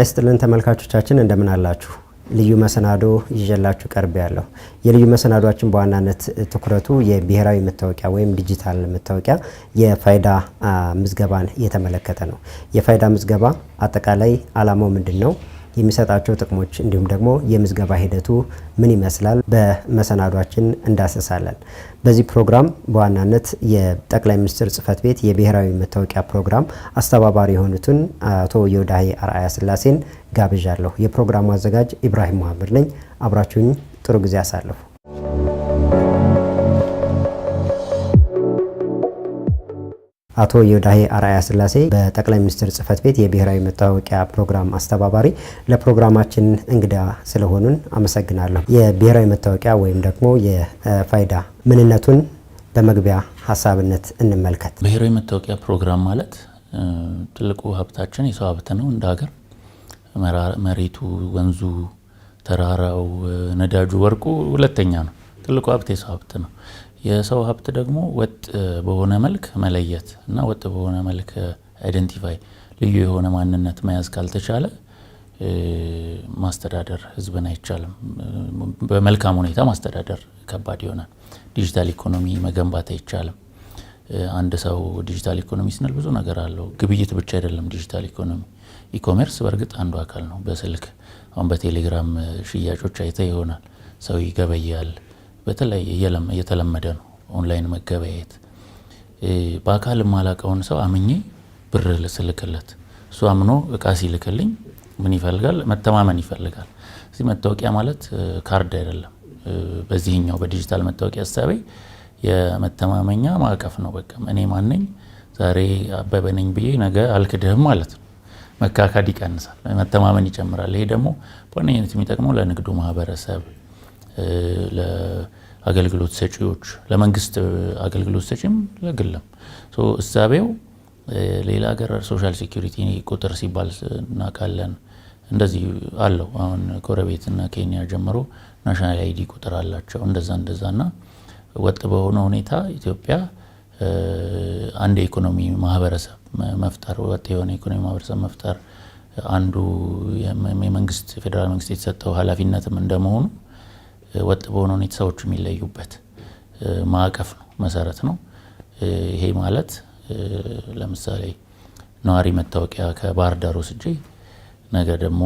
ጤና ይስጥልን ተመልካቾቻችን እንደምን አላችሁ? ልዩ መሰናዶ ይዤላችሁ ቀርብ ያለው የልዩ መሰናዷችን በዋናነት ትኩረቱ የብሔራዊ መታወቂያ ወይም ዲጂታል መታወቂያ የፋይዳ ምዝገባን እየተመለከተ ነው። የፋይዳ ምዝገባ አጠቃላይ ዓላማው ምንድን ነው? የሚሰጣቸው ጥቅሞች እንዲሁም ደግሞ የምዝገባ ሂደቱ ምን ይመስላል በመሰናዷችን እንዳሰሳለን። በዚህ ፕሮግራም በዋናነት የጠቅላይ ሚኒስትር ጽህፈት ቤት የብሔራዊ መታወቂያ ፕሮግራም አስተባባሪ የሆኑትን አቶ ዮዳሄ አርአያ ስላሴን ጋብዣለሁ። የፕሮግራሙ አዘጋጅ ኢብራሂም መሀመድ ነኝ። አብራችሁኝ ጥሩ ጊዜ አሳለፉ። አቶ ዮዳሄ አርአያ ስላሴ በጠቅላይ ሚኒስትር ጽህፈት ቤት የብሔራዊ መታወቂያ ፕሮግራም አስተባባሪ ለፕሮግራማችን እንግዳ ስለሆኑን አመሰግናለሁ። የብሔራዊ መታወቂያ ወይም ደግሞ የፋይዳ ምንነቱን በመግቢያ ሀሳብነት እንመልከት። ብሔራዊ መታወቂያ ፕሮግራም ማለት ትልቁ ሀብታችን የሰው ሀብት ነው። እንደ ሀገር መሬቱ፣ ወንዙ፣ ተራራው፣ ነዳጁ፣ ወርቁ ሁለተኛ ነው። ትልቁ ሀብት የሰው ሀብት ነው። የሰው ሀብት ደግሞ ወጥ በሆነ መልክ መለየት እና ወጥ በሆነ መልክ አይደንቲፋይ ልዩ የሆነ ማንነት መያዝ ካልተቻለ ማስተዳደር ህዝብን አይቻልም። በመልካም ሁኔታ ማስተዳደር ከባድ ይሆናል። ዲጂታል ኢኮኖሚ መገንባት አይቻልም። አንድ ሰው ዲጂታል ኢኮኖሚ ስንል ብዙ ነገር አለው። ግብይት ብቻ አይደለም ዲጂታል ኢኮኖሚ። ኢኮሜርስ በእርግጥ አንዱ አካል ነው። በስልክ አሁን በቴሌግራም ሽያጮች አይተ ይሆናል ሰው ይገበያል። በተለይ እየተለመደ ነው ኦንላይን መገበያየት። በአካል የማላቀውን ሰው አምኜ ብር ስልክለት እሱ አምኖ እቃ ሲልክልኝ ምን ይፈልጋል? መተማመን ይፈልጋል። እዚህ መታወቂያ ማለት ካርድ አይደለም። በዚህኛው በዲጂታል መታወቂያ ሀሳቤ የመተማመኛ ማዕቀፍ ነው። በቃ እኔ ማነኝ ዛሬ አበበ ነኝ ብዬ ነገ አልክድህም ማለት ነው። መካካድ ይቀንሳል፣ መተማመን ይጨምራል። ይሄ ደግሞ በዋነኝነት የሚጠቅመው ለንግዱ ማህበረሰብ ለአገልግሎት ሰጪዎች፣ ለመንግስት አገልግሎት ሰጪም ለግለም እሳቤው ሌላ ሀገር ሶሻል ሴኩሪቲ ቁጥር ሲባል እናውቃለን። እንደዚህ አለው። አሁን ጎረቤትና ኬንያ ጀምሮ ናሽናል አይዲ ቁጥር አላቸው። እንደዛ እንደዛ ና ወጥ በሆነ ሁኔታ ኢትዮጵያ አንድ የኢኮኖሚ ማህበረሰብ መፍጠር ወጥ የሆነ ኢኮኖሚ ማህበረሰብ መፍጠር አንዱ የመንግስት ፌዴራል መንግስት የተሰጠው ኃላፊነትም እንደመሆኑ ወጥ በሆነ ሁኔታ ሰዎቹ የሚለዩበት ማዕቀፍ ነው፣ መሰረት ነው። ይሄ ማለት ለምሳሌ ነዋሪ መታወቂያ ከባህር ዳር ወስጄ ነገ ደግሞ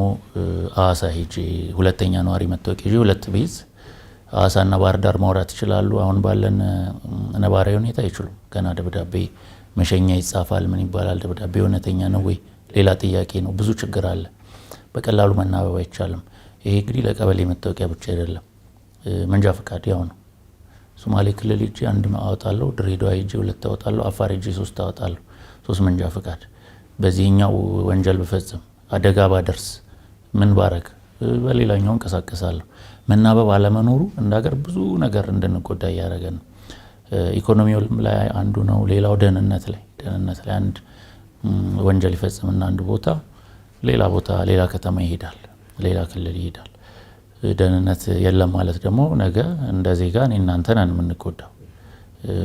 አዋሳ ሄጄ ሁለተኛ ነዋሪ መታወቂያ ይዤ ሁለት ብይዝ አዋሳና ባህር ዳር ማውራት ይችላሉ። አሁን ባለን ነባራዊ ሁኔታ አይችሉም። ገና ደብዳቤ መሸኛ ይጻፋል። ምን ይባላል? ደብዳቤ እውነተኛ ነው ወይ ሌላ ጥያቄ ነው። ብዙ ችግር አለ። በቀላሉ መናበብ አይቻልም። ይሄ እንግዲህ ለቀበሌ መታወቂያ ብቻ አይደለም። መንጃ ፈቃድ ያው ነው። ሶማሌ ክልል ሄጄ አንድ አወጣለሁ፣ ድሬዳዋ ሄጄ ሁለት አወጣለሁ፣ አፋር ሄጄ ሶስት አወጣለሁ። ሶስት መንጃ ፈቃድ። በዚህኛው ወንጀል ብፈጽም አደጋ ባደርስ ምን ባረግ፣ በሌላኛው እንቀሳቀሳለሁ። መናበብ አለመኖሩ እንደ ሀገር ብዙ ነገር እንድንጎዳ እያደረገ ነው። ኢኮኖሚው ላይ አንዱ ነው። ሌላው ደህንነት ላይ ደህንነት ላይ አንድ ወንጀል ይፈጽምና አንድ ቦታ ሌላ ቦታ ሌላ ከተማ ይሄዳል፣ ሌላ ክልል ይሄዳል። ደህንነት የለም ማለት ደግሞ ነገ እንደ ዜጋ እኔ እናንተ ነን የምንጎዳው።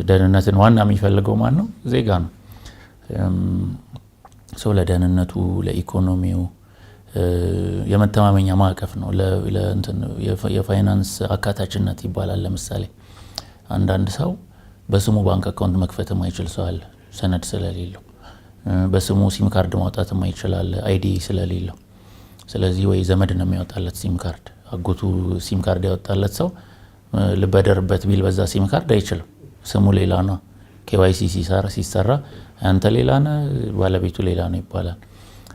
ደህንነትን ዋና የሚፈልገው ማን ነው? ዜጋ ነው። ሰው ለደህንነቱ፣ ለኢኮኖሚው የመተማመኛ ማዕቀፍ ነው። የፋይናንስ አካታችነት ይባላል። ለምሳሌ አንዳንድ ሰው በስሙ ባንክ አካውንት መክፈት የማይችል ሰው አለ፣ ሰነድ ስለሌለው። በስሙ ሲም ካርድ ማውጣት የማይችል አለ፣ አይዲ ስለሌለው። ስለዚህ ወይ ዘመድ ነው የሚያወጣለት ሲም ካርድ አጎቱ ሲም ካርድ ያወጣለት ሰው ልበደርበት ቢል በዛ ሲም ካርድ አይችልም። ስሙ ሌላ ነው። ኬዋይሲ ሲሰራ አንተ ሌላ ነህ፣ ባለቤቱ ሌላ ነው ይባላል።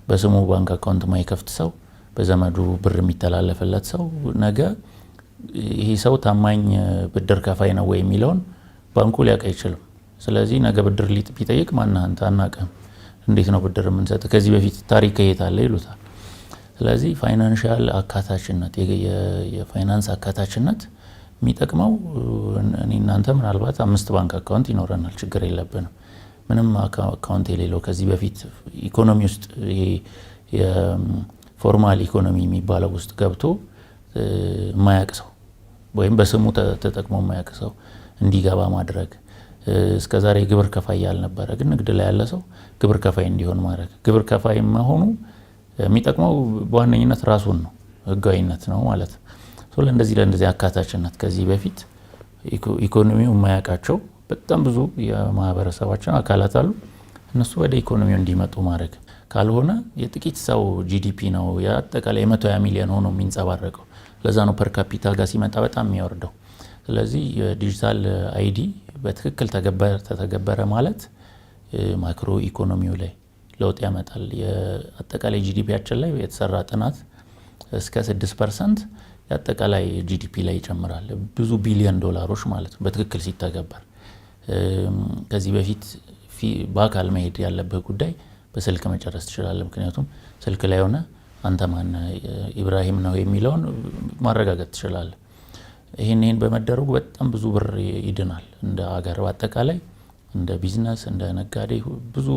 በስሙ ባንክ አካውንት ማይከፍት ሰው፣ በዘመዱ ብር የሚተላለፍለት ሰው ነገ ይህ ሰው ታማኝ ብድር ከፋይ ነው ወይ የሚለውን ባንኩ ሊያውቅ አይችልም። ስለዚህ ነገ ብድር ቢጠይቅ ማናህንተ አናቀም እንዴት ነው ብድር የምንሰጥ? ከዚህ በፊት ታሪክ ከየት አለ ይሉታል። ስለዚህ ፋይናንሻል አካታችነት የፋይናንስ አካታችነት የሚጠቅመው እኔ እናንተ ምናልባት አምስት ባንክ አካውንት ይኖረናል፣ ችግር የለብንም። ምንም አካውንት የሌለው ከዚህ በፊት ኢኮኖሚ ውስጥ የፎርማል ኢኮኖሚ የሚባለው ውስጥ ገብቶ የማያቅ ሰው ወይም በስሙ ተጠቅሞ የማያቅ ሰው እንዲገባ ማድረግ እስከ ዛሬ ግብር ከፋይ ያልነበረ ግን ንግድ ላይ ያለ ሰው ግብር ከፋይ እንዲሆን ማድረግ ግብር ከፋይ መሆኑ የሚጠቅመው በዋነኝነት ራሱን ነው፣ ህጋዊነት ነው ማለት ነው። እንደዚህ ለእንደዚህ አካታችነት ከዚህ በፊት ኢኮኖሚው የማያውቃቸው በጣም ብዙ የማህበረሰባችን አካላት አሉ። እነሱ ወደ ኢኮኖሚው እንዲመጡ ማድረግ ካልሆነ የጥቂት ሰው ጂዲፒ ነው የአጠቃላይ የመቶ ሃያ ሚሊዮን ሆኖ የሚንጸባረቀው። ለዛ ነው ፐርካፒታል ጋር ሲመጣ በጣም የሚወርደው። ስለዚህ የዲጂታል አይዲ በትክክል ተተገበረ ማለት ማክሮ ኢኮኖሚው ላይ ለውጥ ያመጣል። የአጠቃላይ ጂዲፒያችን ላይ የተሰራ ጥናት እስከ 6 ፐርሰንት የአጠቃላይ ጂዲፒ ላይ ይጨምራል። ብዙ ቢሊዮን ዶላሮች ማለት ነው በትክክል ሲተገበር። ከዚህ በፊት በአካል መሄድ ያለብህ ጉዳይ በስልክ መጨረስ ትችላለህ። ምክንያቱም ስልክ ላይ ሆነ አንተ ማን ኢብራሂም ነው የሚለውን ማረጋገጥ ትችላለህ። ይህን ይህን በመደረጉ በጣም ብዙ ብር ይድናል እንደ አገር በአጠቃላይ እንደ ቢዝነስ እንደ ነጋዴ ብዙ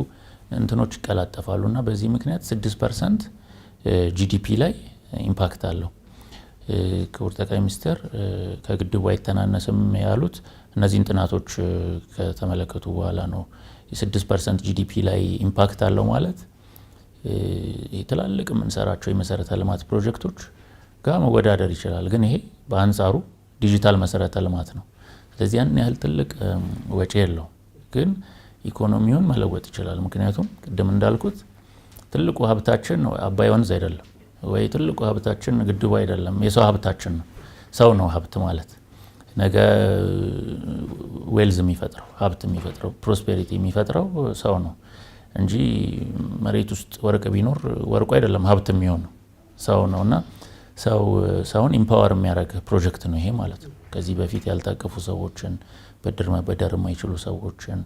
እንትኖች ይቀላጠፋሉ እና በዚህ ምክንያት 6 ፐርሰንት ጂዲፒ ላይ ኢምፓክት አለው። ክቡር ጠቅላይ ሚኒስትር ከግድቡ አይተናነስም ያሉት እነዚህን ጥናቶች ከተመለከቱ በኋላ ነው። የ6 ፐርሰንት ጂዲፒ ላይ ኢምፓክት አለው ማለት ትላልቅ የምንሰራቸው የመሰረተ ልማት ፕሮጀክቶች ጋር መወዳደር ይችላል። ግን ይሄ በአንጻሩ ዲጂታል መሰረተ ልማት ነው። ስለዚህ ያን ያህል ትልቅ ወጪ የለው ግን ኢኮኖሚውን መለወጥ ይችላል። ምክንያቱም ቅድም እንዳልኩት ትልቁ ሀብታችን አባይ ወንዝ አይደለም ወይ ትልቁ ሀብታችን ግድቡ አይደለም፣ የሰው ሀብታችን ነው። ሰው ነው ሀብት ማለት ነገ ዌልዝ የሚፈጥረው ሀብት የሚፈጥረው ፕሮስፔሪቲ የሚፈጥረው ሰው ነው እንጂ መሬት ውስጥ ወርቅ ቢኖር ወርቁ አይደለም ሀብት የሚሆነው ሰው ነው። እና ሰው ሰውን ኢምፓወር የሚያደርግ ፕሮጀክት ነው ይሄ ማለት ነው። ከዚህ በፊት ያልታቀፉ ሰዎችን፣ ብድር መበደር የማይችሉ ሰዎችን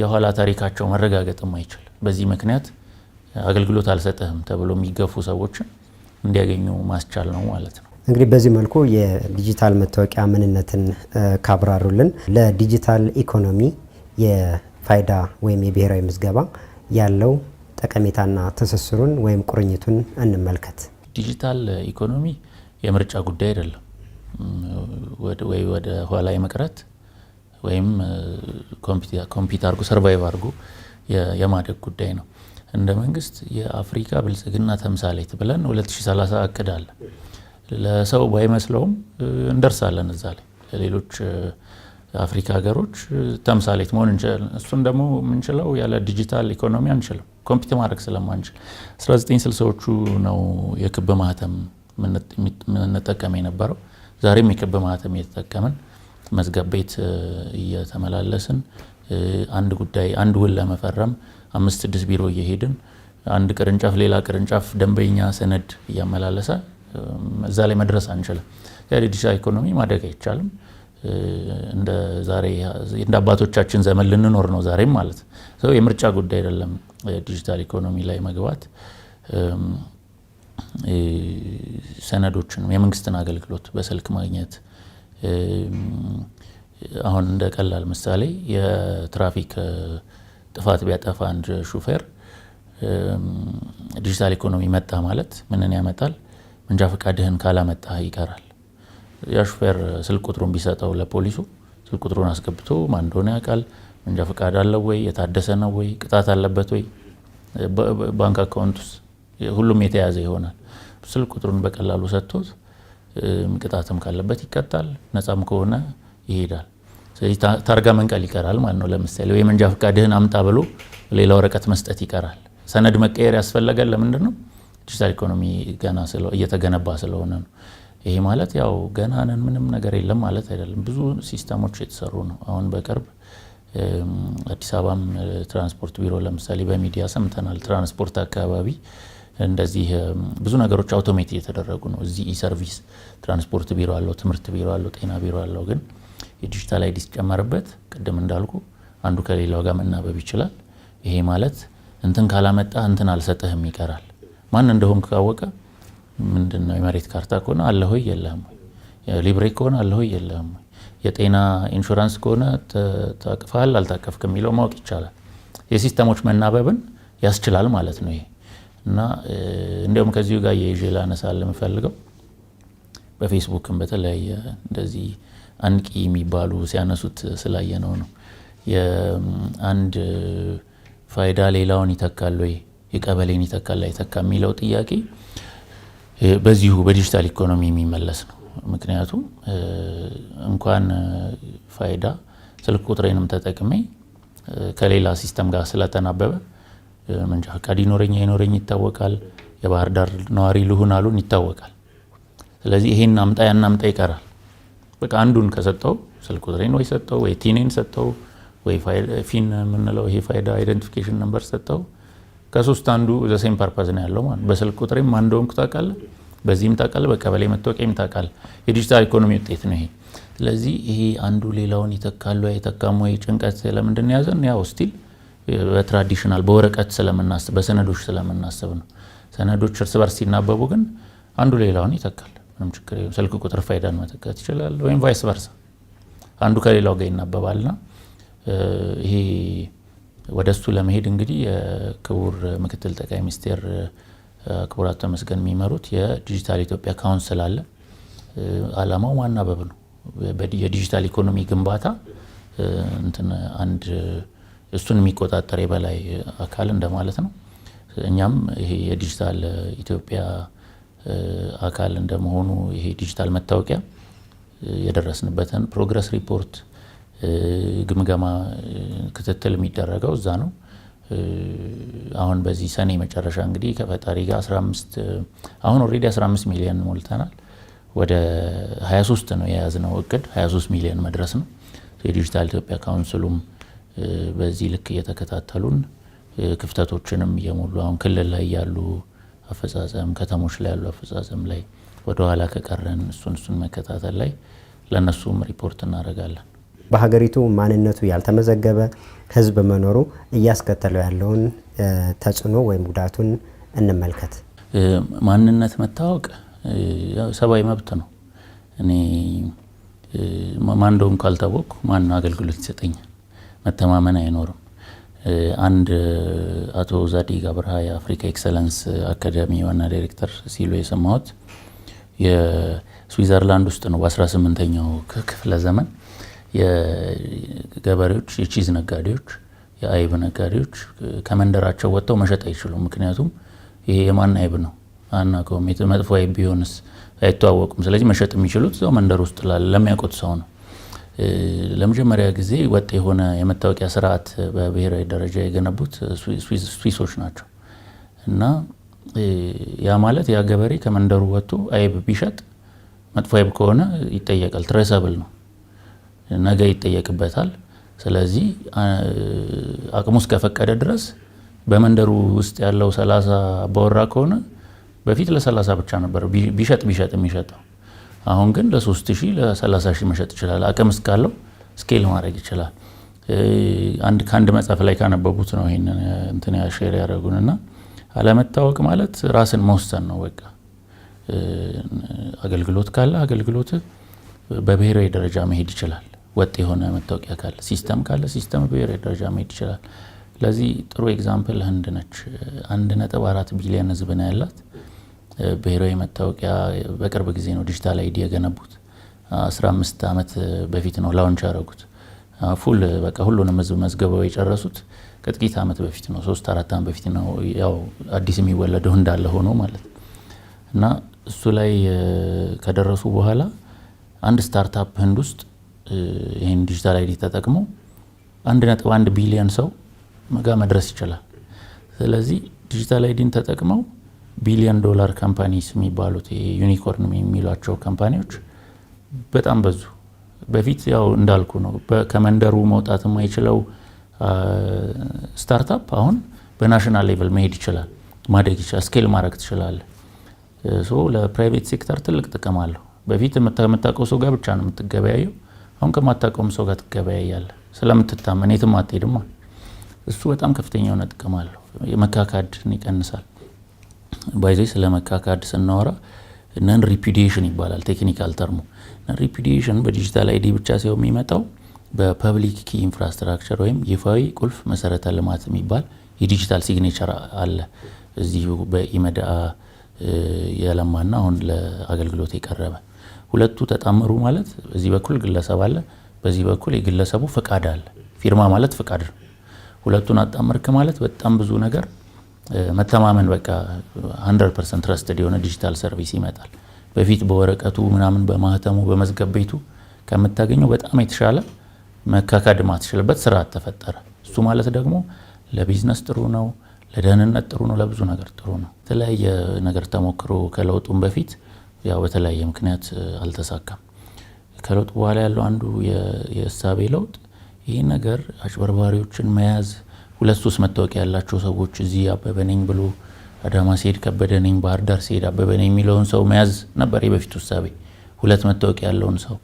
የኋላ ታሪካቸው መረጋገጥም አይችል። በዚህ ምክንያት አገልግሎት አልሰጠህም ተብሎ የሚገፉ ሰዎችን እንዲያገኙ ማስቻል ነው ማለት ነው። እንግዲህ በዚህ መልኩ የዲጂታል መታወቂያ ምንነትን ካብራሩልን ለዲጂታል ኢኮኖሚ የፋይዳ ወይም የብሔራዊ ምዝገባ ያለው ጠቀሜታና ትስስሩን ወይም ቁርኝቱን እንመልከት። ዲጂታል ኢኮኖሚ የምርጫ ጉዳይ አይደለም፣ ወይ ወደ ኋላ የመቅረት ወይም ኮምፒት አድርጎ ሰርቫይቭ አድርጎ የማደግ ጉዳይ ነው። እንደ መንግስት የአፍሪካ ብልጽግና ተምሳሌት ብለን 2030 እቅድ አለ። ለሰው ባይመስለውም እንደርሳለን እዛ ላይ ለሌሎች አፍሪካ ሀገሮች ተምሳሌት መሆን እንችላለን። እሱን ደግሞ የምንችለው ያለ ዲጂታል ኢኮኖሚ አንችልም፣ ኮምፒት ማድረግ ስለማንችል 1960ዎቹ ነው የክብ ማህተም የምንጠቀም የነበረው። ዛሬም የክብ ማህተም እየተጠቀምን መዝገብ ቤት እየተመላለስን አንድ ጉዳይ አንድ ውል ለመፈረም አምስት ስድስት ቢሮ እየሄድን አንድ ቅርንጫፍ ሌላ ቅርንጫፍ ደንበኛ ሰነድ እያመላለሰ እዛ ላይ መድረስ አንችልም። የዲጂታል ኢኮኖሚ ማደግ አይቻልም። እንደ ዛሬ እንደ አባቶቻችን ዘመን ልንኖር ነው ዛሬም ማለት ሰው የምርጫ ጉዳይ አይደለም። ዲጂታል ኢኮኖሚ ላይ መግባት ሰነዶችን የመንግስትን አገልግሎት በስልክ ማግኘት አሁን እንደ ቀላል ምሳሌ የትራፊክ ጥፋት ቢያጠፋ አንድ ሹፌር ዲጂታል ኢኮኖሚ መጣ ማለት ምንን ያመጣል? መንጃ ፈቃድህን ካላመጣ ይቀራል። ያ ሹፌር ስልክ ቁጥሩን ቢሰጠው ለፖሊሱ ስልክ ቁጥሩን አስገብቶ ማን እንደሆነ ያውቃል። መንጃ ፈቃድ አለው ወይ? የታደሰ ነው ወይ? ቅጣት አለበት ወይ? ባንክ አካውንት ውስጥ ሁሉም የተያዘ ይሆናል። ስልክ ቁጥሩን በቀላሉ ሰጥቶት ቅጣትም ካለበት ይቀጣል፣ ነፃም ከሆነ ይሄዳል። ስለዚህ ታርጋ መንቀል ይቀራል ማለት ነው። ለምሳሌ ወይ መንጃ ፈቃድህን አምጣ ብሎ ሌላ ወረቀት መስጠት ይቀራል። ሰነድ መቀየር ያስፈለገን ለምንድን ነው? ዲጂታል ኢኮኖሚ ገና እየተገነባ ስለሆነ ነው። ይሄ ማለት ያው ገና ነን ምንም ነገር የለም ማለት አይደለም። ብዙ ሲስተሞች የተሰሩ ነው። አሁን በቅርብ አዲስ አበባም ትራንስፖርት ቢሮ ለምሳሌ በሚዲያ ሰምተናል። ትራንስፖርት አካባቢ እንደዚህ ብዙ ነገሮች አውቶሜት እየተደረጉ ነው። እዚህ ኢሰርቪስ ትራንስፖርት ቢሮ አለው፣ ትምህርት ቢሮ አለው፣ ጤና ቢሮ አለው። ግን የዲጂታል አይዲ ሲጨመርበት ቅድም እንዳልኩ አንዱ ከሌላው ጋር መናበብ ይችላል። ይሄ ማለት እንትን ካላመጣ እንትን አልሰጥህም ይቀራል። ማን እንደሆን ካወቀ ምንድን ነው የመሬት ካርታ ከሆነ አለ ሆይ የለህም፣ ሊብሬ ከሆነ አለ ሆይ የለህም፣ የጤና ኢንሹራንስ ከሆነ ታቅፈሃል አልታቀፍክ የሚለው ማወቅ ይቻላል። የሲስተሞች መናበብን ያስችላል ማለት ነው ይሄ እና እንዲሁም ከዚሁ ጋር የይዤ ላነሳ ለምፈልገው በፌስቡክም በተለያየ እንደዚህ አንቂ የሚባሉ ሲያነሱት ስላየነው ነው። የአንድ ፋይዳ ሌላውን ይተካል ወይ የቀበሌን ይተካል አይተካ የሚለው ጥያቄ በዚሁ በዲጂታል ኢኮኖሚ የሚመለስ ነው። ምክንያቱም እንኳን ፋይዳ ስልክ ቁጥሬንም ተጠቅሜ ከሌላ ሲስተም ጋር ስለተናበበ መንጃ ፈቃድ ይኖረኝ አይኖረኝ ይታወቃል። የባህር ዳር ነዋሪ ልሁን አሉን ይታወቃል። ስለዚህ ይሄን አምጣ ያን አምጣ ይቀራል። በቃ አንዱን ከሰጠው ስልክ ቁጥሬን ወይ ሰጠው ወይ ቲኔን ሰጠው ወይ ፊን የምንለው ይሄ ፋይዳ አይደንቲፊኬሽን ነምበር ሰጠው። ከሶስት አንዱ ዘሴም ፐርፐዝ ነው ያለው ማለት በስልክ ቁጥሬም አንደውም ታውቃል፣ በዚህም ታውቃል፣ በቀበሌ መታወቂያም ታውቃል። የዲጂታል ኢኮኖሚ ውጤት ነው ይሄ። ስለዚህ ይሄ አንዱ ሌላውን ይተካሉ አይተካሙ ጭንቀት ለምንድን ያዘን ያው ስቲል በትራዲሽናል በወረቀት ስለምናስብ በሰነዶች ስለምናስብ ነው። ሰነዶች እርስ በርስ ሲናበቡ ግን አንዱ ሌላውን ይተካል። ምንም ችግር የለም። ስልክ ቁጥር ፋይዳን መተካት ይችላል፣ ወይም ቫይስ ቨርሳ አንዱ ከሌላው ጋር ይናበባልና ይሄ ወደ እሱ ለመሄድ እንግዲህ የክቡር ምክትል ጠቅላይ ሚኒስቴር ክቡራት ተመስገን የሚመሩት የዲጂታል ኢትዮጵያ ካውንስል አለ። አላማው ማናበብ ነው። የዲጂታል ኢኮኖሚ ግንባታ እንትን አንድ እሱን የሚቆጣጠር የበላይ አካል እንደማለት ነው። እኛም ይሄ የዲጂታል ኢትዮጵያ አካል እንደመሆኑ ይሄ ዲጂታል መታወቂያ የደረስንበትን ፕሮግረስ ሪፖርት ግምገማ፣ ክትትል የሚደረገው እዛ ነው። አሁን በዚህ ሰኔ መጨረሻ እንግዲህ ከፈጣሪ ጋር 15 አሁን ኦልሬዲ 15 ሚሊዮን ሞልተናል። ወደ 23 ነው የያዝነው እቅድ 23 ሚሊዮን መድረስ ነው። የዲጂታል ኢትዮጵያ ካውንስሉም በዚህ ልክ እየተከታተሉን ክፍተቶችንም እየሞሉ አሁን ክልል ላይ ያሉ አፈጻጸም ከተሞች ላይ ያሉ አፈጻጸም ላይ ወደኋላ ከቀረን እሱን እሱን መከታተል ላይ ለእነሱም ሪፖርት እናደርጋለን። በሀገሪቱ ማንነቱ ያልተመዘገበ ህዝብ መኖሩ እያስከተለው ያለውን ተጽዕኖ ወይም ጉዳቱን እንመልከት። ማንነት መታወቅ ሰብአዊ መብት ነው። እኔ ማን እንደሆንኩ ካልታወቅኩ ማን አገልግሎት ይሰጠኛል? መተማመን አይኖርም። አንድ አቶ ዛዲ አብርሃ የአፍሪካ ኤክሰለንስ አካዳሚ ዋና ዳይሬክተር ሲሉ የሰማሁት የስዊዘርላንድ ውስጥ ነው። በ18ኛው ክፍለ ዘመን የገበሬዎች የቺዝ ነጋዴዎች፣ የአይብ ነጋዴዎች ከመንደራቸው ወጥተው መሸጥ አይችሉም። ምክንያቱም ይሄ የማን አይብ ነው አናውቀውም፣ መጥፎ አይብ ቢሆንስ አይተዋወቁም። ስለዚህ መሸጥ የሚችሉት ሰው መንደር ውስጥ ለሚያውቁት ሰው ነው። ለመጀመሪያ ጊዜ ወጥ የሆነ የመታወቂያ ስርዓት በብሔራዊ ደረጃ የገነቡት ስዊሶች ናቸው እና ያ ማለት ያ ገበሬ ከመንደሩ ወጥቶ አይብ ቢሸጥ መጥፎ አይብ ከሆነ ይጠየቃል። ትሬሰብል ነው፣ ነገ ይጠየቅበታል። ስለዚህ አቅሙ እስከፈቀደ ድረስ በመንደሩ ውስጥ ያለው ሰላሳ አባወራ ከሆነ በፊት ለሰላሳ ብቻ ነበር ቢሸጥ ቢሸጥ የሚሸጠው አሁን ግን ለሶስት ሺ ሺህ ለ ሺህ መሸጥ ይችላል። አቅም እስካለው ስኬል ማድረግ ይችላል። አንድ ከአንድ መጽሐፍ ላይ ካነበቡት ነው ይሄንን እንትን ሼር ያደረጉን እና አለመታወቅ ማለት ራስን መወሰን ነው። በቃ አገልግሎት ካለ አገልግሎት በብሔራዊ ደረጃ መሄድ ይችላል። ወጥ የሆነ መታወቂያ ካለ፣ ሲስተም ካለ ሲስተም በብሔራዊ ደረጃ መሄድ ይችላል። ለዚህ ጥሩ ኤግዛምፕል ህንድ ነች። አንድ ነጥብ አራት ቢሊዮን ህዝብ ነው ያላት። ብሔራዊ መታወቂያ በቅርብ ጊዜ ነው ዲጂታል አይዲ የገነቡት። 15 ዓመት በፊት ነው ላውንች ያደረጉት። ፉል በቃ ሁሉንም ህዝብ መዝገባዊ የጨረሱት ከጥቂት ዓመት በፊት ነው፣ ሶስት አራት ዓመት በፊት ነው። ያው አዲስ የሚወለደው እንዳለ ሆኖ ማለት እና እሱ ላይ ከደረሱ በኋላ አንድ ስታርታፕ ህንድ ውስጥ ይህን ዲጂታል አይዲ ተጠቅሞ አንድ ነጥብ አንድ ቢሊዮን ሰው ጋ መድረስ ይችላል። ስለዚህ ዲጂታል አይዲን ተጠቅመው ቢሊዮን ዶላር ካምፓኒስ የሚባሉት ዩኒኮርን የሚሏቸው ካምፓኒዎች በጣም በዙ። በፊት ያው እንዳልኩ ነው፣ ከመንደሩ መውጣት የማይችለው ስታርታፕ አሁን በናሽናል ሌቨል መሄድ ይችላል፣ ማደግ ይችላል፣ ስኬል ማድረግ ትችላለ። ለፕራይቬት ሴክተር ትልቅ ጥቅም አለው። በፊት ከምታውቀው ሰው ጋር ብቻ ነው የምትገበያየው። አሁን ከማታውቀውም ሰው ጋር ትገበያያለ፣ ስለምትታመን የትም አትሄድማ። እሱ በጣም ከፍተኛ የሆነ ጥቅም አለው። የመካካድን ይቀንሳል። ባይዘይ ስለ መካካድ ስናወራ ነን ሪፒዲሽን ይባላል ቴክኒካል ተርሙ። ነን ሪፒዲሽን በዲጂታል አይዲ ብቻ ሳይሆን የሚመጣው በፐብሊክ ኪ ኢንፍራስትራክቸር ወይም ይፋዊ ቁልፍ መሰረተ ልማት የሚባል የዲጂታል ሲግኔቸር አለ። እዚሁ በኢመድአ የለማና አሁን ለአገልግሎት የቀረበ ሁለቱ ተጣመሩ ማለት በዚህ በኩል ግለሰብ አለ፣ በዚህ በኩል የግለሰቡ ፍቃድ አለ። ፊርማ ማለት ፍቃድ ነው። ሁለቱን አጣመርክ ማለት በጣም ብዙ ነገር መተማመን በቃ 100 ፐርሰንት ትረስትድ የሆነ ዲጂታል ሰርቪስ ይመጣል። በፊት በወረቀቱ ምናምን በማህተሙ በመዝገብ ቤቱ ከምታገኘው በጣም የተሻለ መካካድ ማትችልበት ስርዓት ተፈጠረ። እሱ ማለት ደግሞ ለቢዝነስ ጥሩ ነው፣ ለደህንነት ጥሩ ነው፣ ለብዙ ነገር ጥሩ ነው። የተለያየ ነገር ተሞክሮ ከለውጡም በፊት ያው በተለያየ ምክንያት አልተሳካም። ከለውጡ በኋላ ያለው አንዱ የእሳቤ ለውጥ ይህ ነገር አጭበርባሪዎችን መያዝ ሁለት ሶስት መታወቂያ ያላቸው ሰዎች እዚህ አበበ ነኝ ብሎ አዳማ ሲሄድ ከበደ ነኝ፣ ባህር ዳር ሲሄድ አበበ ነኝ የሚለውን ሰው መያዝ ነበር በፊት ውሳቤ፣ ሁለት መታወቂያ ያለውን ሰው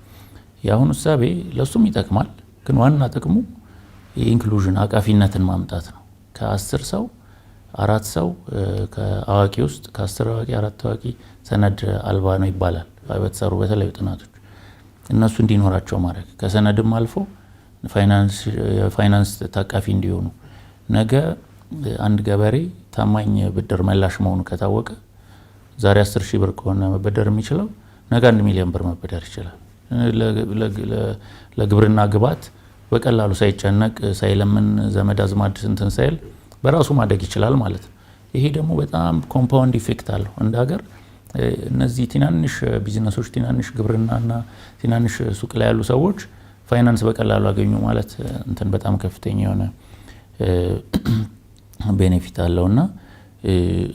የአሁኑ ውሳቤ ለሱም ይጠቅማል፣ ግን ዋና ጥቅሙ የኢንክሉዥን አቃፊነትን ማምጣት ነው። ከአስር ሰው አራት ሰው ከአዋቂ ውስጥ ከአስር አዋቂ አራት አዋቂ ሰነድ አልባ ነው ይባላል በተሰሩ በተለያዩ ጥናቶች። እነሱ እንዲኖራቸው ማድረግ ከሰነድም አልፎ ፋይናንስ ታቃፊ እንዲሆኑ ነገ አንድ ገበሬ ታማኝ ብድር መላሽ መሆኑ ከታወቀ ዛሬ 10 ሺህ ብር ከሆነ መበደር የሚችለው ነገ አንድ ሚሊዮን ብር መበደር ይችላል። ለግብርና ግብዓት በቀላሉ ሳይጨነቅ ሳይለምን ዘመድ አዝማድ ስንትን ሳይል በራሱ ማደግ ይችላል ማለት ነው። ይሄ ደግሞ በጣም ኮምፓውንድ ኢፌክት አለው። እንደ ሀገር እነዚህ ትናንሽ ቢዝነሶች፣ ትናንሽ ግብርናና ትናንሽ ሱቅ ላይ ያሉ ሰዎች ፋይናንስ በቀላሉ አገኙ ማለት እንትን በጣም ከፍተኛ የሆነ ቤኔፊት አለው እና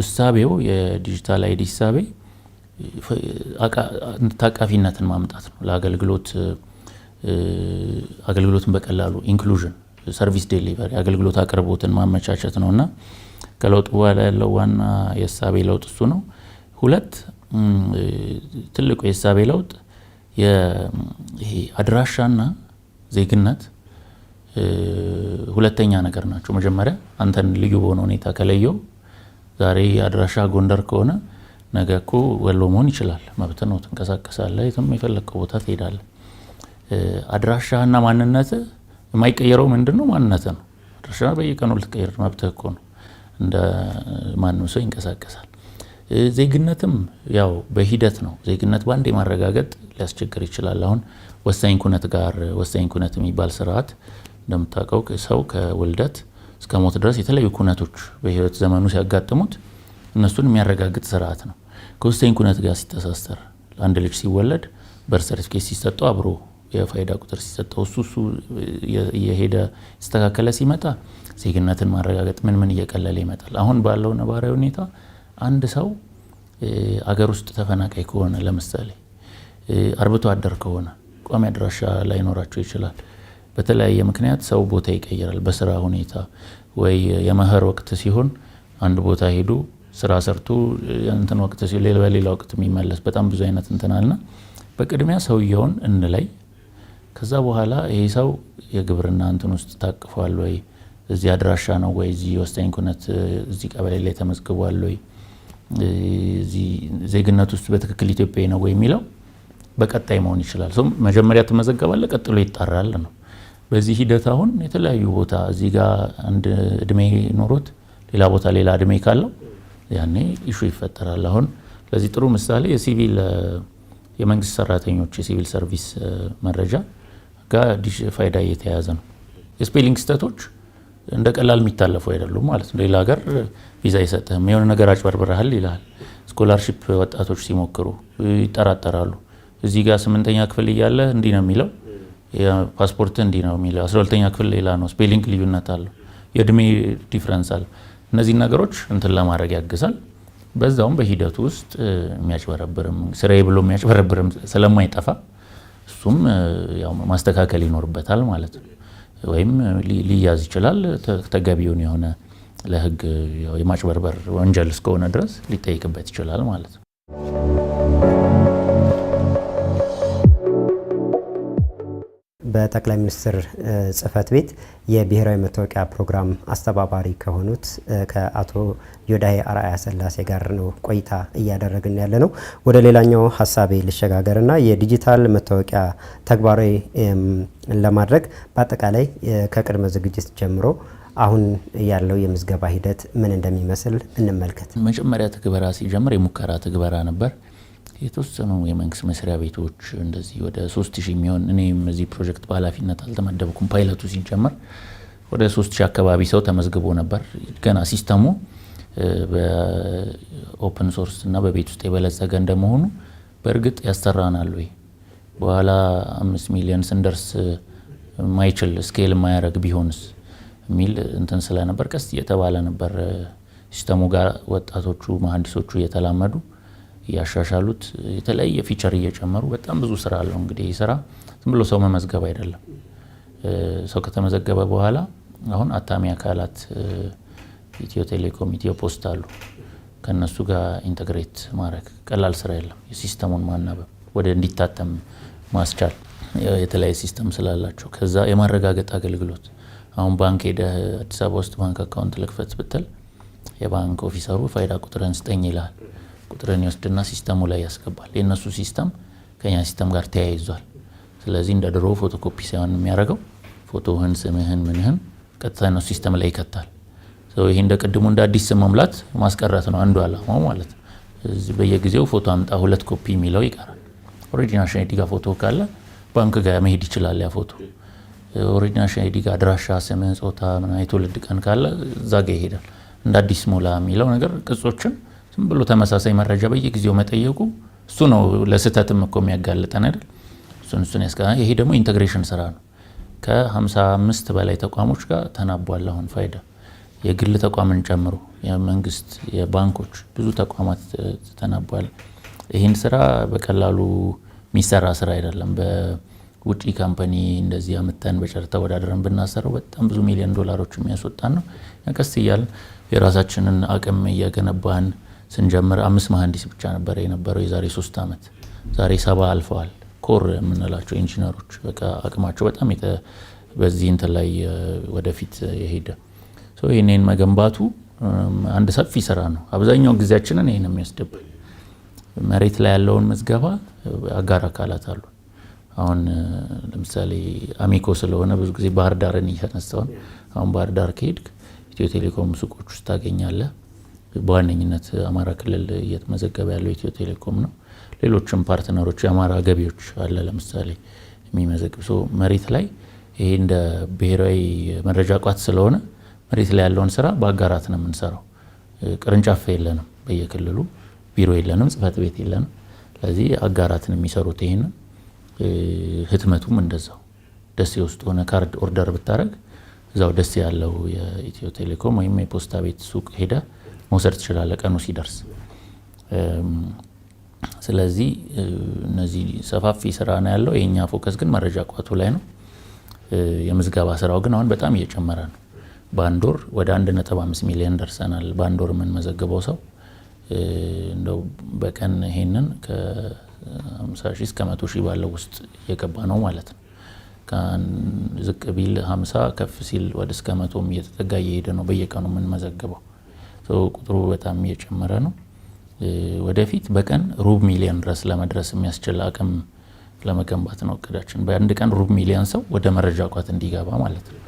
እሳቤው የዲጂታል አይዲ እሳቤ ታቃፊነትን ማምጣት ነው ለአገልግሎት አገልግሎትን በቀላሉ ኢንክሉዥን ሰርቪስ ዴሊቨሪ አገልግሎት አቅርቦትን ማመቻቸት ነው እና ከለውጡ በኋላ ያለው ዋና የእሳቤ ለውጥ እሱ ነው። ሁለት ትልቁ የእሳቤ ለውጥ ይሄ አድራሻና ዜግነት ሁለተኛ ነገር ናቸው። መጀመሪያ አንተን ልዩ በሆነ ሁኔታ ከለየው ዛሬ አድራሻ ጎንደር ከሆነ ነገ እኮ ወሎ መሆን ይችላል። መብት ነው። ትንቀሳቀሳለህ፣ የትም የፈለግከው ቦታ ትሄዳለህ። አድራሻህና ማንነት የማይቀየረው ምንድን ነው? ማንነት ነው። አድራሻ በየቀኑ ልትቀይር መብትህ እኮ ነው። እንደ ማንም ሰው ይንቀሳቀሳል። ዜግነትም ያው በሂደት ነው። ዜግነት በአንዴ ማረጋገጥ ሊያስቸግር ይችላል። አሁን ወሳኝ ኩነት ጋር ወሳኝ ኩነት የሚባል ስርዓት እንደምታውቀው ሰው ከውልደት እስከ ሞት ድረስ የተለያዩ ኩነቶች በህይወት ዘመኑ ሲያጋጥሙት እነሱን የሚያረጋግጥ ስርዓት ነው። ከውስጠኝ ኩነት ጋር ሲተሳሰር አንድ ልጅ ሲወለድ በርዝ ሰርቲፊኬት ሲሰጠው አብሮ የፋይዳ ቁጥር ሲሰጠው እሱ እሱ የሄደ የተስተካከለ ሲመጣ ዜግነትን ማረጋገጥ ምን ምን እየቀለለ ይመጣል። አሁን ባለው ነባራዊ ሁኔታ አንድ ሰው አገር ውስጥ ተፈናቃይ ከሆነ ለምሳሌ አርብቶ አደር ከሆነ ቋሚ አድራሻ ላይኖራቸው ይችላል። በተለያየ ምክንያት ሰው ቦታ ይቀይራል። በስራ ሁኔታ ወይ የመኸር ወቅት ሲሆን አንድ ቦታ ሄዱ ስራ ሰርቶ እንትን ወቅት በሌላ ወቅት የሚመለስ በጣም ብዙ አይነት እንትናልና በቅድሚያ ሰውየውን እንለይ። ከዛ በኋላ ይሄ ሰው የግብርና እንትን ውስጥ ታቅፏል ወይ፣ እዚህ አድራሻ ነው ወይ፣ እዚህ ወስተኝ ኩነት እዚህ ቀበሌ ላይ ተመዝግቧል ወይ፣ እዚህ ዜግነት ውስጥ በትክክል ኢትዮጵያዊ ነው ወይ የሚለው በቀጣይ መሆን ይችላል። መጀመሪያ ትመዘገባለ፣ ቀጥሎ ይጣራል ነው በዚህ ሂደት አሁን የተለያዩ ቦታ እዚህ ጋር አንድ እድሜ ኖሮት ሌላ ቦታ ሌላ እድሜ ካለው ያኔ ኢሹ ይፈጠራል። አሁን ለዚህ ጥሩ ምሳሌ የሲቪል የመንግስት ሰራተኞች የሲቪል ሰርቪስ መረጃ ጋር ፋይዳ እየተያያዘ ነው። የስፔሊንግ ስህተቶች እንደ ቀላል የሚታለፉ አይደሉም ማለት ነው። ሌላ ሀገር ቪዛ አይሰጥህም፣ የሆነ ነገር አጭበርብረሃል ይልሃል። ስኮላርሺፕ ወጣቶች ሲሞክሩ ይጠራጠራሉ። እዚህ ጋር ስምንተኛ ክፍል እያለ እንዲህ ነው የሚለው ፓስፖርት እንዲህ ነው የሚለው፣ አስራ ሁለተኛ ክፍል ሌላ ነው፣ ስፔሊንግ ልዩነት አለው፣ የእድሜ ዲፍረንስ አለ። እነዚህን ነገሮች እንትን ለማድረግ ያግዛል። በዛውም በሂደቱ ውስጥ የሚያጭበረብርም ስራዬ ብሎ የሚያጭበረብርም ስለማይጠፋ እሱም ያው ማስተካከል ይኖርበታል ማለት ነው። ወይም ሊያዝ ይችላል። ተገቢውን የሆነ ለህግ የማጭበርበር ወንጀል እስከሆነ ድረስ ሊጠይቅበት ይችላል ማለት ነው። በጠቅላይ ሚኒስትር ጽህፈት ቤት የብሔራዊ መታወቂያ ፕሮግራም አስተባባሪ ከሆኑት ከአቶ ዮዳሄ አርአያ ስላሴ ጋር ነው ቆይታ እያደረግን ያለ ነው። ወደ ሌላኛው ሀሳቤ ልሸጋገርና የዲጂታል መታወቂያ ተግባራዊ ለማድረግ በአጠቃላይ ከቅድመ ዝግጅት ጀምሮ አሁን ያለው የምዝገባ ሂደት ምን እንደሚመስል እንመልከት። መጀመሪያ ትግበራ ሲጀምር የሙከራ ትግበራ ነበር። የተወሰኑ የመንግስት መስሪያ ቤቶች እንደዚህ ወደ ሶስት ሺህ የሚሆን እኔም እዚህ ፕሮጀክት በኃላፊነት አልተመደብኩም። ፓይለቱ ሲጀመር ወደ ሶስት ሺህ አካባቢ ሰው ተመዝግቦ ነበር። ገና ሲስተሙ በኦፕን ሶርስ እና በቤት ውስጥ የበለጸገ እንደመሆኑ በእርግጥ ያሰራናል ወይ በኋላ አምስት ሚሊዮን ስንደርስ ማይችል ስኬል ማያደረግ ቢሆንስ የሚል እንትን ስለነበር ቀስ እየተባለ ነበር ሲስተሙ ጋር ወጣቶቹ መሀንዲሶቹ እየተላመዱ እያሻሻሉት የተለያየ ፊቸር እየጨመሩ በጣም ብዙ ስራ አለው። እንግዲህ ይህ ስራ ዝም ብሎ ሰው መመዝገብ አይደለም። ሰው ከተመዘገበ በኋላ አሁን አታሚ አካላት ኢትዮ ቴሌኮም፣ ኢትዮ ፖስት አሉ። ከእነሱ ጋር ኢንተግሬት ማድረግ ቀላል ስራ የለም። የሲስተሙን ማናበብ ወደ እንዲታተም ማስቻል የተለያየ ሲስተም ስላላቸው ከዛ የማረጋገጥ አገልግሎት አሁን ባንክ ሄደህ አዲስ አበባ ውስጥ ባንክ አካውንት ልክፈት ብትል የባንክ ኦፊሰሩ ፋይዳ ቁጥርን ስጠኝ ይላል። ቁጥርን ይወስድና ሲስተሙ ላይ ያስገባል። የእነሱ ሲስተም ከኛ ሲስተም ጋር ተያይዟል። ስለዚህ እንደ ድሮ ፎቶኮፒ ሳይሆን የሚያደርገው ፎቶህን፣ ስምህን፣ ምንህን ቀጥታ ነሱ ሲስተም ላይ ይከታል። ይህ እንደ ቅድሙ እንደ አዲስ ስም መሙላት ማስቀረት ነው አንዱ አላማው ማለት ነው። በየጊዜው ፎቶ አምጣ ሁለት ኮፒ የሚለው ይቀራል። ኦሪጂናል ናሽናል አይዲ ጋር ፎቶ ካለ ባንክ ጋር መሄድ ይችላል። ያ ፎቶ ኦሪጂናል ናሽናል አይዲ ጋር አድራሻ፣ ስምህ፣ ጾታ፣ የትውልድ ቀን ካለ እዛ ጋር ይሄዳል። እንደ አዲስ ሞላ የሚለው ነገር ቅጾችን ዝም ብሎ ተመሳሳይ መረጃ በየጊዜው መጠየቁ እሱ ነው ለስህተትም እኮ የሚያጋልጠን አይደል? እሱን እሱን ያስቀ ይሄ ደግሞ ኢንቴግሬሽን ስራ ነው። ከ55 በላይ ተቋሞች ጋር ተናቧል። አሁን ፋይዳ የግል ተቋምን ጨምሮ የመንግስት፣ የባንኮች ብዙ ተቋማት ተናቧል። ይህን ስራ በቀላሉ የሚሰራ ስራ አይደለም። በውጪ ካምፓኒ እንደዚህ አምተን በጨርታ ወዳደረን ብናሰራው በጣም ብዙ ሚሊዮን ዶላሮች የሚያስወጣን ነው። ቀስ እያል የራሳችንን አቅም እያገነባን ስንጀምር አምስት መሀንዲስ ብቻ ነበረ የነበረው የዛሬ ሶስት ዓመት። ዛሬ ሰባ አልፈዋል። ኮር የምንላቸው ኢንጂነሮች በቃ አቅማቸው በጣም በዚህ እንትን ላይ ወደፊት የሄደ ይህንን መገንባቱ አንድ ሰፊ ስራ ነው። አብዛኛው ጊዜያችንን ይህን የሚያስደብል መሬት ላይ ያለውን ምዝገባ አጋር አካላት አሉ። አሁን ለምሳሌ አሚኮ ስለሆነ ብዙ ጊዜ ባህር ዳርን እያነሳውን አሁን ባህር ዳር ከሄድክ ኢትዮ ቴሌኮም ሱቆች ውስጥ ታገኛለህ። በዋነኝነት አማራ ክልል እየተመዘገበ ያለው ኢትዮ ቴሌኮም ነው። ሌሎችም ፓርትነሮች የአማራ ገቢዎች አለ ለምሳሌ የሚመዘግብ ሰው መሬት ላይ ይሄ እንደ ብሔራዊ መረጃ ቋት ስለሆነ መሬት ላይ ያለውን ስራ በአጋራት ነው የምንሰራው። ቅርንጫፍ የለንም፣ በየክልሉ ቢሮ የለንም፣ ጽህፈት ቤት የለንም። ስለዚህ አጋራትን የሚሰሩት ይሄንን ህትመቱም እንደዛው ደሴ ውስጥ ሆነ ካርድ ኦርደር ብታደረግ እዛው ደሴ ያለው የኢትዮ ቴሌኮም ወይም የፖስታ ቤት ሱቅ ሄደ መውሰድ ትችላለህ ቀኑ ሲደርስ። ስለዚህ እነዚህ ሰፋፊ ስራ ነው ያለው። የእኛ ፎከስ ግን መረጃ ቋቱ ላይ ነው። የምዝገባ ስራው ግን አሁን በጣም እየጨመረ ነው። በአንድ ወር ወደ 1.5 ሚሊዮን ደርሰናል። በአንድ ወር የምንመዘግበው ሰው እንደው በቀን ይሄንን ከ50 ሺህ እስከ 100 ሺህ ባለው ውስጥ እየገባ ነው ማለት ነው። ዝቅ ቢል 50 ከፍ ሲል ወደ እስከ መቶም እየተጠጋ እየሄደ ነው በየቀኑ የምንመዘግበው ቁጥሩ በጣም እየጨመረ ነው። ወደፊት በቀን ሩብ ሚሊዮን ድረስ ለመድረስ የሚያስችል አቅም ለመገንባት ነው እቅዳችን። በአንድ ቀን ሩብ ሚሊዮን ሰው ወደ መረጃ ቋት እንዲገባ ማለት ነው።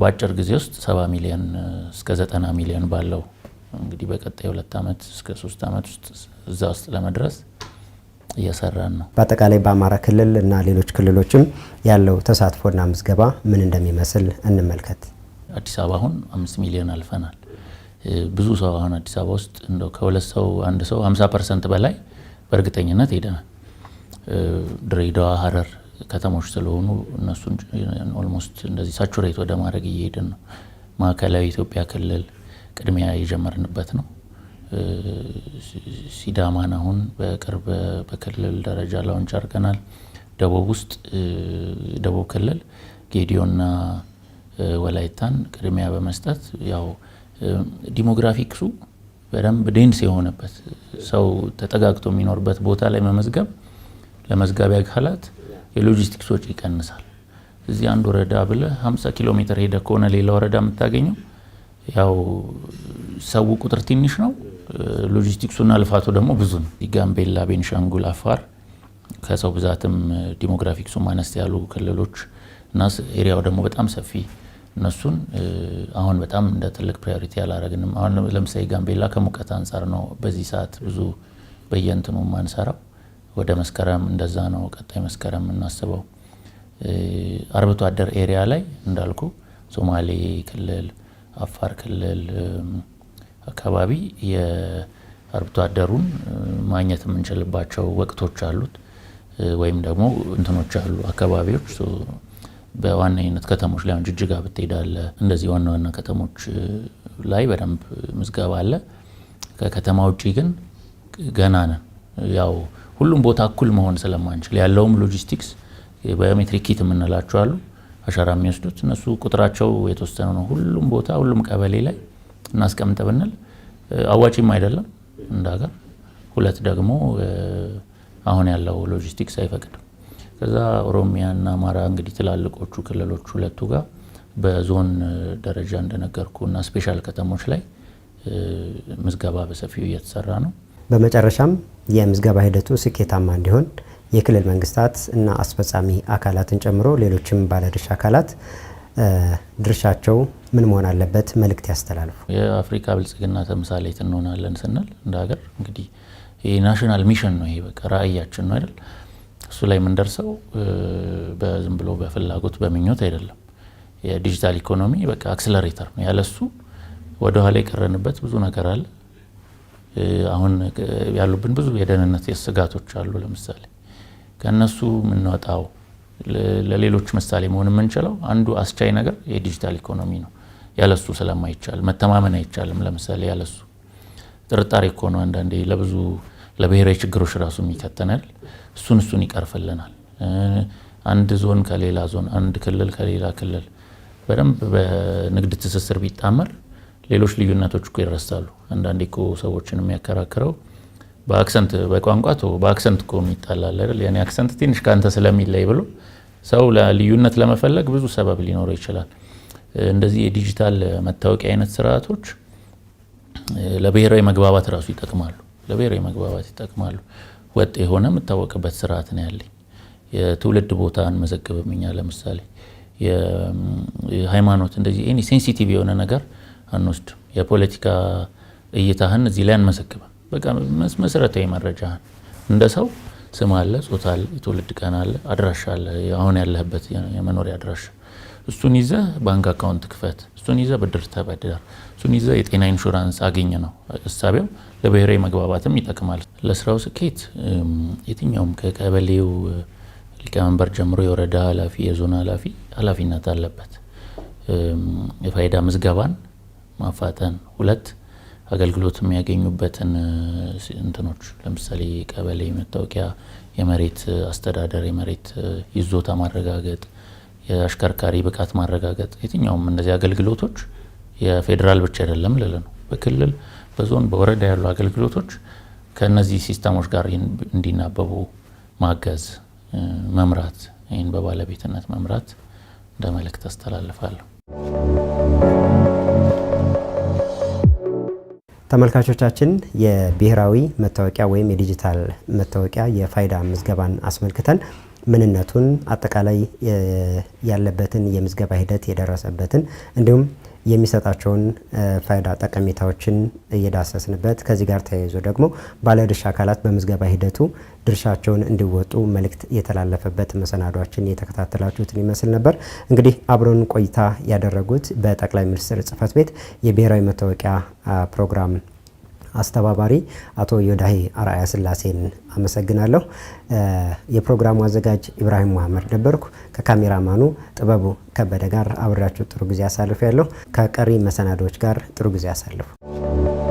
በአጭር ጊዜ ውስጥ ሰባ ሚሊዮን እስከ ዘጠና ሚሊዮን ባለው እንግዲህ በቀጣይ ሁለት ዓመት እስከ ሶስት ዓመት ውስጥ እዛ ውስጥ ለመድረስ እየሰራን ነው። በአጠቃላይ በአማራ ክልል እና ሌሎች ክልሎችም ያለው ተሳትፎና ምዝገባ ምን እንደሚመስል እንመልከት። አዲስ አበባ አሁን አምስት ሚሊዮን አልፈናል። ብዙ ሰው አሁን አዲስ አበባ ውስጥ እንደው ከሁለት ሰው አንድ ሰው 50 ፐርሰንት በላይ በእርግጠኝነት ሄደናል። ድሬዳዋ፣ ሀረር ከተሞች ስለሆኑ እነሱን ኦልሞስት እንደዚህ ሳቹሬት ወደ ማድረግ እየሄድን ነው። ማዕከላዊ ኢትዮጵያ ክልል ቅድሚያ የጀመርንበት ነው። ሲዳማን አሁን በቅርብ በክልል ደረጃ ላውንች አድርገናል። ደቡብ ውስጥ ደቡብ ክልል ጌዲዮና ወላይታን ቅድሚያ በመስጠት ያው ዲሞግራፊክሱ በደንብ ዴንስ የሆነበት ሰው ተጠጋግቶ የሚኖርበት ቦታ ላይ መመዝገብ ለመዝጋቢያ አካላት የሎጂስቲክስ ወጪ ይቀንሳል። እዚህ አንድ ወረዳ ብለ 50 ኪሎ ሜትር ሄደ ከሆነ ሌላ ወረዳ የምታገኘው ያው ሰው ቁጥር ትንሽ ነው። ሎጂስቲክሱና ልፋቱ ደግሞ ብዙ ነው። ጋምቤላ፣ ቤንሻንጉል፣ አፋር ከሰው ብዛትም ዲሞግራፊክሱ ማነስ ያሉ ክልሎች እና ኤሪያው ደግሞ በጣም ሰፊ እነሱን አሁን በጣም እንደ ትልቅ ፕራዮሪቲ አላረግንም። አሁን ለምሳሌ ጋምቤላ ከሙቀት አንጻር ነው በዚህ ሰዓት ብዙ በየእንትኑ ማንሰራው። ወደ መስከረም እንደዛ ነው። ቀጣይ መስከረም እናስበው። አርብቶ አደር ኤሪያ ላይ እንዳልኩ ሶማሌ ክልል፣ አፋር ክልል አካባቢ የአርብቶ አደሩን ማግኘት የምንችልባቸው ወቅቶች አሉት ወይም ደግሞ እንትኖች አሉ አካባቢዎች በዋነኝነት ከተሞች ላይ ጅጅጋ ብትሄዳለ እንደዚህ ዋና ዋና ከተሞች ላይ በደንብ ምዝገባ አለ። ከከተማ ውጭ ግን ገና ነን። ያው ሁሉም ቦታ እኩል መሆን ስለማንችል ያለውም ሎጂስቲክስ ባዮሜትሪክ ኪት የምንላቸው አሉ፣ አሻራ የሚወስዱት እነሱ ቁጥራቸው የተወሰነ ነው። ሁሉም ቦታ ሁሉም ቀበሌ ላይ እናስቀምጥ ብንል አዋጪም አይደለም እንደ ሀገር። ሁለት ደግሞ አሁን ያለው ሎጂስቲክስ አይፈቅድም። ከዛ ኦሮሚያና አማራ እንግዲህ ትላልቆቹ ክልሎች ሁለቱ ጋር በዞን ደረጃ እንደነገርኩ እና ስፔሻል ከተሞች ላይ ምዝገባ በሰፊው እየተሰራ ነው። በመጨረሻም የምዝገባ ሂደቱ ስኬታማ እንዲሆን የክልል መንግስታት እና አስፈጻሚ አካላትን ጨምሮ ሌሎችም ባለድርሻ አካላት ድርሻቸው ምን መሆን አለበት? መልእክት ያስተላልፉ። የአፍሪካ ብልጽግና ተምሳሌት እንሆናለን ስንል እንደ ሀገር እንግዲህ ናሽናል ሚሽን ነው። ይሄ በቃ ራእያችን ነው አይደል? እሱ ላይ የምንደርሰው በዝም ብሎ በፍላጎት በምኞት አይደለም። የዲጂታል ኢኮኖሚ በቃ አክስለሬተር ነው። ያለሱ ወደኋላ የቀረንበት ብዙ ነገር አለ። አሁን ያሉብን ብዙ የደህንነት ስጋቶች አሉ። ለምሳሌ ከእነሱ የምንወጣው ለሌሎች ምሳሌ መሆን የምንችለው አንዱ አስቻይ ነገር የዲጂታል ኢኮኖሚ ነው። ያለሱ ስለማይቻል መተማመን አይቻልም። ለምሳሌ ያለሱ ጥርጣሬ እኮ ነው አንዳንዴ ለብዙ ለብሔራዊ ችግሮች ራሱ ይከተናል። እሱን እሱን ይቀርፍልናል። አንድ ዞን ከሌላ ዞን፣ አንድ ክልል ከሌላ ክልል በደንብ በንግድ ትስስር ቢጣመር ሌሎች ልዩነቶች እኮ ይረሳሉ። አንዳንዴ እኮ ሰዎችን የሚያከራክረው በአክሰንት በቋንቋ በአክሰንት እኮ ይጣላል አይደል? ያኔ አክሰንት ትንሽ ከአንተ ስለሚለይ ብሎ ሰው ልዩነት ለመፈለግ ብዙ ሰበብ ሊኖረው ይችላል። እንደዚህ የዲጂታል መታወቂያ አይነት ስርዓቶች ለብሔራዊ መግባባት ራሱ ይጠቅማሉ። ለብሔራዊ መግባባት ይጠቅማሉ። ወጥ የሆነ የምታወቅበት ስርዓት ነው ያለኝ። የትውልድ ቦታ አንመዘግብም ለምሳሌ የሃይማኖት እንደዚህ ኤኒ ሴንሲቲቭ የሆነ ነገር አንወስድም። የፖለቲካ እይታህን እዚህ ላይ አንመዘግብም። በቃ መሰረታዊ መረጃህን እንደ ሰው ስም አለ፣ ጾታ አለ፣ የትውልድ ቀን አለ፣ አድራሻ አለ፣ አሁን ያለህበት የመኖሪያ አድራሻ እሱን ይዘ ባንክ አካውንት ክፈት፣ እሱን ይዘ ብድር ተበድር፣ እሱን ይዘ የጤና ኢንሹራንስ አገኘ ነው እሳቤው። ለብሔራዊ መግባባትም ይጠቅማል። ለስራው ስኬት የትኛውም ከቀበሌው ሊቀመንበር ጀምሮ የወረዳ ኃላፊ፣ የዞን ኃላፊ ኃላፊነት አለበት። የፋይዳ ምዝገባን ማፋጠን ሁለት አገልግሎት የሚያገኙበትን እንትኖች ለምሳሌ ቀበሌ መታወቂያ፣ የመሬት አስተዳደር፣ የመሬት ይዞታ ማረጋገጥ የአሽከርካሪ ብቃት ማረጋገጥ፣ የትኛውም እነዚህ አገልግሎቶች የፌዴራል ብቻ አይደለም ልል ነው። በክልል በዞን በወረዳ ያሉ አገልግሎቶች ከእነዚህ ሲስተሞች ጋር እንዲናበቡ ማገዝ፣ መምራት፣ ይህን በባለቤትነት መምራት እንደ መልእክት አስተላልፋለሁ። ተመልካቾቻችን የብሔራዊ መታወቂያ ወይም የዲጂታል መታወቂያ የፋይዳ ምዝገባን አስመልክተን ምንነቱን፣ አጠቃላይ ያለበትን የምዝገባ ሂደት የደረሰበትን እንዲሁም የሚሰጣቸውን ፋይዳ ጠቀሜታዎችን እየዳሰስንበት ከዚህ ጋር ተያይዞ ደግሞ ባለድርሻ አካላት በምዝገባ ሂደቱ ድርሻቸውን እንዲወጡ መልእክት የተላለፈበት መሰናዷችን የተከታተላችሁትን ይመስል ነበር። እንግዲህ አብረን ቆይታ ያደረጉት በጠቅላይ ሚኒስትር ጽህፈት ቤት የብሔራዊ መታወቂያ ፕሮግራም አስተባባሪ አቶ ዮዳሂ አርአያ ስላሴን አመሰግናለሁ። የፕሮግራሙ አዘጋጅ ኢብራሂም መሐመድ ነበርኩ። ከካሜራማኑ ጥበቡ ከበደ ጋር አብሬያችሁ ጥሩ ጊዜ አሳልፍ ያለሁ። ከቀሪ መሰናዶዎች ጋር ጥሩ ጊዜ አሳልፉ።